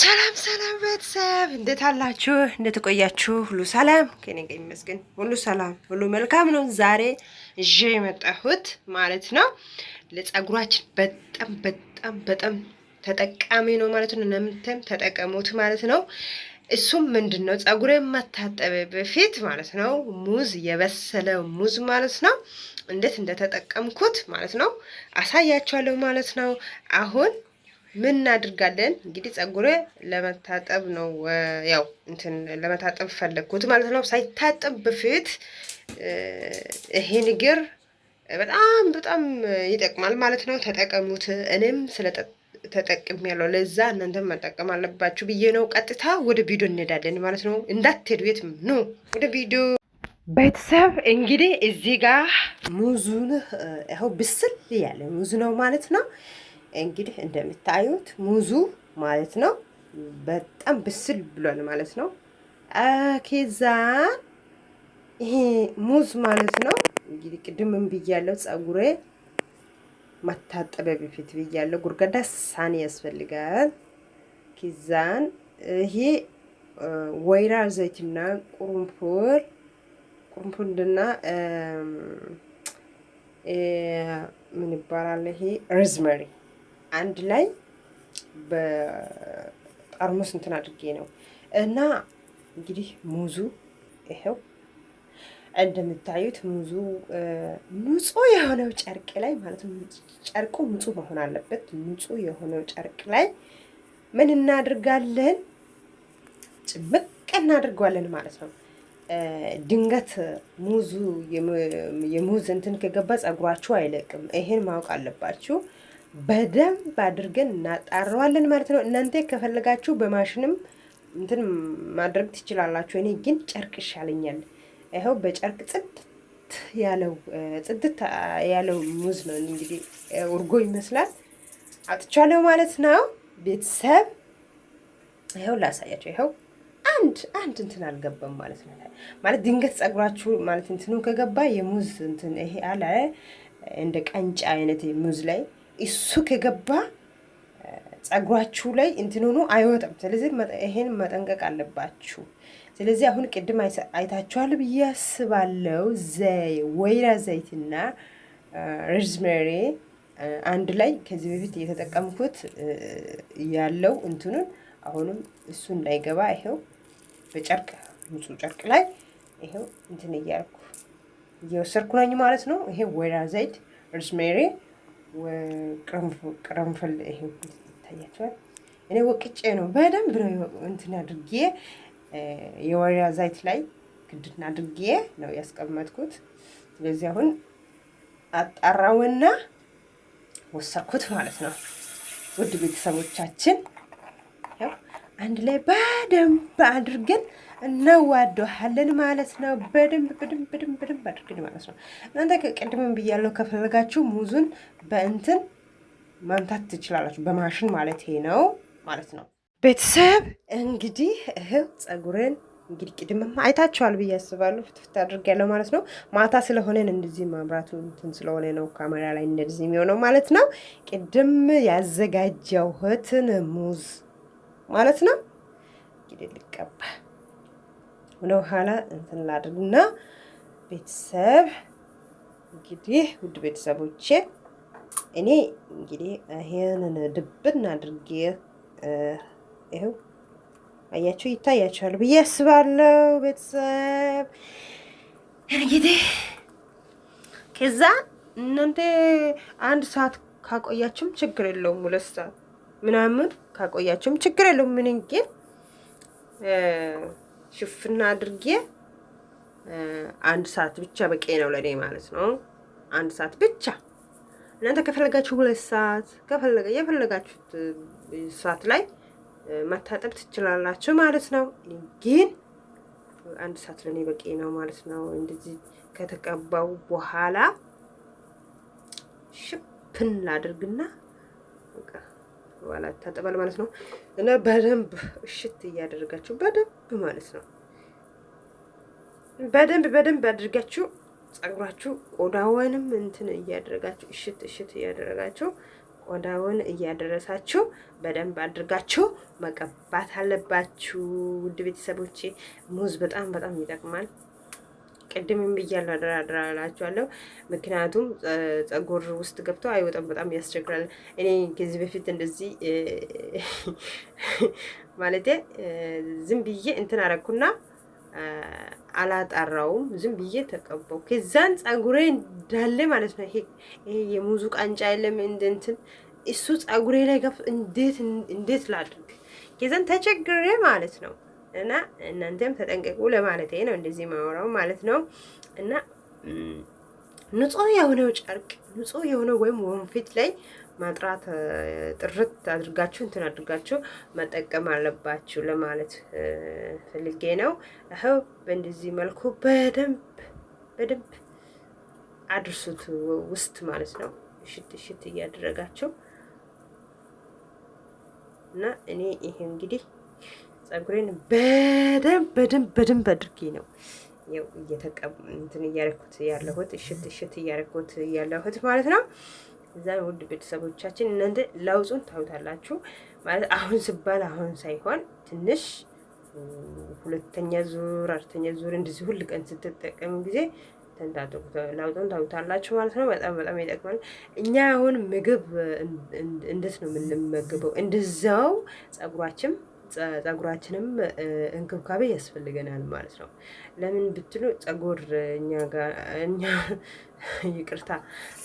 ሰላም ሰላም ቤተሰብ እንዴት አላችሁ? ቆያችሁ ሁሉ ሰላም ከኔ ጋር ይመስገን፣ ሁሉ ሰላም፣ ሁሉ መልካም ነው። ዛሬ እዤ የመጣሁት ማለት ነው ለጸጉራችን በጣም በጣም በጣም ተጠቃሚ ነው ማለት ነው። እናንተም ተጠቀሙት ማለት ነው። እሱም ምንድን ነው ጸጉር የማታጠበ በፊት ማለት ነው ሙዝ የበሰለ ሙዝ ማለት ነው እንዴት እንደተጠቀምኩት ማለት ነው አሳያችኋለሁ ማለት ነው። አሁን ምን እናድርጋለን እንግዲህ ጸጉር ለመታጠብ ነው ያው እንትን ለመታጠብ ፈለግኩት ማለት ነው። ሳይታጠብ በፊት ይሄ ንግር በጣም በጣም ይጠቅማል ማለት ነው። ተጠቀሙት። እኔም ስለ ተጠቅም ያለው ለዛ እናንተም መጠቀም አለባችሁ ብዬ ነው። ቀጥታ ወደ ቪዲዮ እንሄዳለን ማለት ነው። እንዳትሄዱ የትም ኑ ወደ ቪዲዮ ቤተሰብ እንግዲህ እዚህ ጋር ሙዙን ያው ብስል ያለ ሙዙ ነው ማለት ነው። እንግዲህ እንደምታዩት ሙዙ ማለት ነው በጣም ብስል ብሏል ማለት ነው። ኬዛን ይሄ ሙዝ ማለት ነው እንግዲህ ቅድምም ብያለሁ፣ ጸጉሬ መታጠቢያ በፊት ብያለሁ። ጉርጋዳ ሳኒ ያስፈልጋል። ኬዛን ይሄ ወይራ ዘይትና ቁርንፉር ቁርንፉርና ምን ይባላል ይሄ ሮዝመሪ አንድ ላይ በጠርሙስ እንትን አድርጌ ነው እና እንግዲህ ሙዙ ይኸው እንደምታዩት ሙዙ ንጹህ የሆነው ጨርቅ ላይ ማለት ጨርቁ ንጹህ መሆን አለበት። ንጹህ የሆነው ጨርቅ ላይ ምን እናድርጋለን? ጭምቅ እናድርጓለን ማለት ነው። ድንገት ሙዙ የሙዝ እንትን ከገባ ጸጉራችሁ አይለቅም። ይሄን ማወቅ አለባችሁ። በደንብ አድርገን እናጣረዋለን ማለት ነው። እናንተ ከፈለጋችሁ በማሽንም እንትን ማድረግ ትችላላችሁ። እኔ ግን ጨርቅ ይሻለኛል። ይኸው በጨርቅ ጽድት ያለው ጽድት ያለው ሙዝ ነው እንግዲህ እርጎ ይመስላል አጥቻለሁ ማለት ነው። ቤተሰብ ይኸው ላሳያቸው። ይኸው አንድ አንድ እንትን አልገባም ማለት ነው። ማለት ድንገት ጸጉራችሁ ማለት እንትኑ ከገባ የሙዝ እንትን ይሄ አለ እንደ ቀንጫ አይነት ሙዝ ላይ እሱ ከገባ ጸጉራችሁ ላይ እንትን አይወጣም። ስለዚህ ይሄን መጠንቀቅ አለባችሁ። ስለዚህ አሁን ቅድም አይታችኋል ብዬ አስባለው ዘይ ወይራ ዘይትና ሮዝሜሪ አንድ ላይ ከዚህ በፊት እየተጠቀምኩት ያለው እንትኑን አሁንም እሱ እንዳይገባ ይሄው በጨርቅ ንጹ ጨርቅ ላይ ይሄው እንትን እያልኩ እየወሰድኩ ነኝ ማለት ነው። ይሄ ወይራ ዘይት ሮዝሜሪ ቅርንፍል ይሄ ይታያቸዋል። እኔ ወቅጬ ነው በደንብ ነው እንትን አድርጌ የወይራ ዘይት ላይ ክድን አድርጌ ነው ያስቀመጥኩት። ስለዚህ አሁን አጣራውና ወሰድኩት ማለት ነው። ውድ ቤተሰቦቻችን አንድ ላይ በደንብ አድርገን እናዋደሃለን ማለት ነው። በደንብ በደንብ በደንብ በደንብ አድርገን ማለት ነው። እናንተ ቅድምም ብያለሁ፣ ከፈለጋችሁ ሙዙን በእንትን ማምታት ትችላላችሁ፣ በማሽን ማለት ነው ማለት ነው። ቤተሰብ እንግዲህ እህው ጸጉርን እንግዲህ ቅድምም አይታችኋል ብዬ አስባለሁ። ፍትፍት ያለው ማለት ነው። ማታ ስለሆነን እንደዚህ ማምራቱ እንትን ስለሆነ ነው ካሜራ ላይ እንደዚህ የሚሆነው ማለት ነው። ቅድም ያዘጋጀሁትን ሙዝ ማለት ነው። እንግዲህ ልቀባ ወደ ኋላ እንትን ላድርግና ቤተሰብ እንግዲህ ውድ ቤተሰቦቼ እኔ እንግዲህ ይሄንን ድብን አድርጌ ይኸው አያቸው ይታያቸዋል ብዬ አስባለሁ። ቤተሰብ እንግዲህ ከዛ እናንተ አንድ ሰዓት ካቆያችሁም ችግር የለውም ሁለት ሰዓት ምናምን ካቆያቸውም ችግር የለውም። ምን ግን ሽፍና አድርጌ አንድ ሰዓት ብቻ በቂ ነው ለእኔ ማለት ነው። አንድ ሰዓት ብቻ እናንተ ከፈለጋችሁ ሁለት ሰዓት ከፈለጋ የፈለጋችሁት ሰዓት ላይ መታጠብ ትችላላችሁ ማለት ነው። ግን አንድ ሰዓት ለእኔ በቂ ነው ማለት ነው። እንደዚህ ከተቀባው በኋላ ሽፍን ላድርግና ዋላ ይታጠባል ማለት ነው። እና በደንብ እሽት እያደረጋችሁ በደንብ ማለት ነው። በደንብ በደንብ አድርጋችሁ ጸጉራችሁ ቆዳውንም እንትን እያደረጋችሁ እሽት እሽት እያደረጋችሁ ቆዳውን እያደረሳችሁ በደንብ አድርጋችሁ መቀባት አለባችሁ። ውድ ቤተሰቦቼ ሙዝ በጣም በጣም ይጠቅማል። ቅድምም ብያለሁ፣ አደራ አደራ ምክንያቱም ጸጉር ውስጥ ገብተው አይወጣም፣ በጣም ያስቸግራል። እኔ ከዚህ በፊት እንደዚህ ማለት ዝም ብዬ እንትን አረኩና አላጣራውም ዝም ብዬ ተቀባው። ከዛን ጸጉሬ እንዳለ ማለት ነው። ይሄ የሙዙ ቃንጫ የለም እንደንትን እሱ ጸጉሬ ላይ ገፍ እንዴት እንዴት ላድርግ? ከዛን ተቸግሬ ማለት ነው እና እናንተም ተጠንቀቁ ለማለት ነው እንደዚህ ማወራው ማለት ነው። እና ንጹህ የሆነው ጨርቅ ንጹህ የሆነው ወይም ወንፊት ላይ ማጥራት ጥርት አድርጋችሁ እንትን አድርጋችሁ መጠቀም አለባችሁ ለማለት ፈልጌ ነው። ይኸው በእንደዚህ መልኩ በደንብ በደንብ አድርሱት ውስጥ ማለት ነው። ሽት ሽት እያደረጋችሁ እና እኔ ይሄ እንግዲህ ፀጉሬን በደንብ በደንብ በደንብ አድርጌ ነው ያው እየተቀብ እንትን እያረኩት ያለሁት እሽት እሽት እያረኩት ያለሁት ማለት ነው። እዛ ውድ ቤተሰቦቻችን እናንተ ለውጡን ታዩታላችሁ ማለት አሁን ስባል አሁን ሳይሆን ትንሽ ሁለተኛ ዙር አራተኛ ዙር እንደዚህ ሁል ቀን ስትጠቀሙ ጊዜ ለውጡን ታዩታላችሁ ማለት ነው። በጣም በጣም ይጠቅማል። እኛ አሁን ምግብ እንዴት ነው የምንመግበው? እንደዛው ጸጉራችን ጸጉራችንም እንክብካቤ ያስፈልገናል ማለት ነው። ለምን ብትሉ ጸጉር እኛ ጋር እኛ ይቅርታ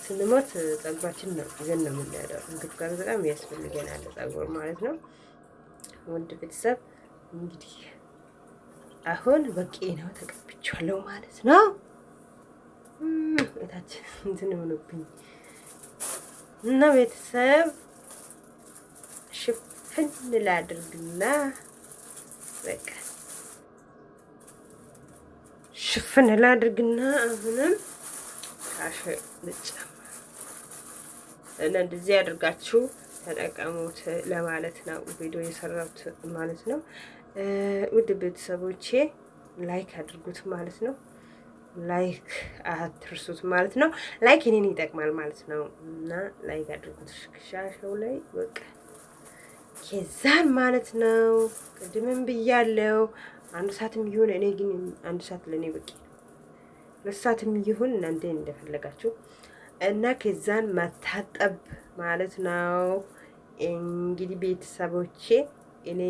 ስንሞት ጸጉራችን ነው ይዘን ነው የምንሄደው። እንክብካቤ በጣም ያስፈልገናል ጸጉር ማለት ነው። ወንድ ቤተሰብ እንግዲህ አሁን በቂ ነው ተቀብቻለሁ ማለት ነው። እታችን እንትን ሆነብኝ እና ቤተሰብ ፍን ላድርግና በቃ ሽፍን ላድርግና አሁንም ካሽ ልጨምር እና እንደዚህ ያድርጋችሁ ተጠቀሙት ለማለት ነው ቪዲዮ የሰራሁት ማለት ነው። ውድ ቤተሰቦቼ ላይክ አድርጉት ማለት ነው። ላይክ አትርሱት ማለት ነው። ላይክ እኔን ይጠቅማል ማለት ነው እና ላይክ አድርጉት ሽክሻሸው ላይ በቃ የዛን ማለት ነው። ቅድምም ብያለው አንድ ሰዓትም ይሁን እኔ ግን አንድ ሰዓት ለእኔ በቂ ሁለት ሰዓትም ይሁን እናንተ እንደፈለጋችሁ እና ከዛን መታጠብ ማለት ነው። እንግዲህ ቤተሰቦቼ እኔ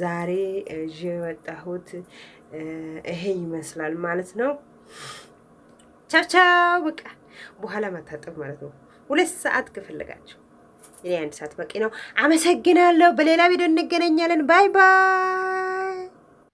ዛሬ እዥ የመጣሁት ይሄ ይመስላል ማለት ነው። ቻቻው በቃ በኋላ መታጠብ ማለት ነው። ሁለት ሰዓት ከፈለጋችሁ እኔ አንድ ሰዓት በቂ ነው። አመሰግናለሁ። በሌላ ቪዲዮ እንገናኛለን። ባይ ባይ።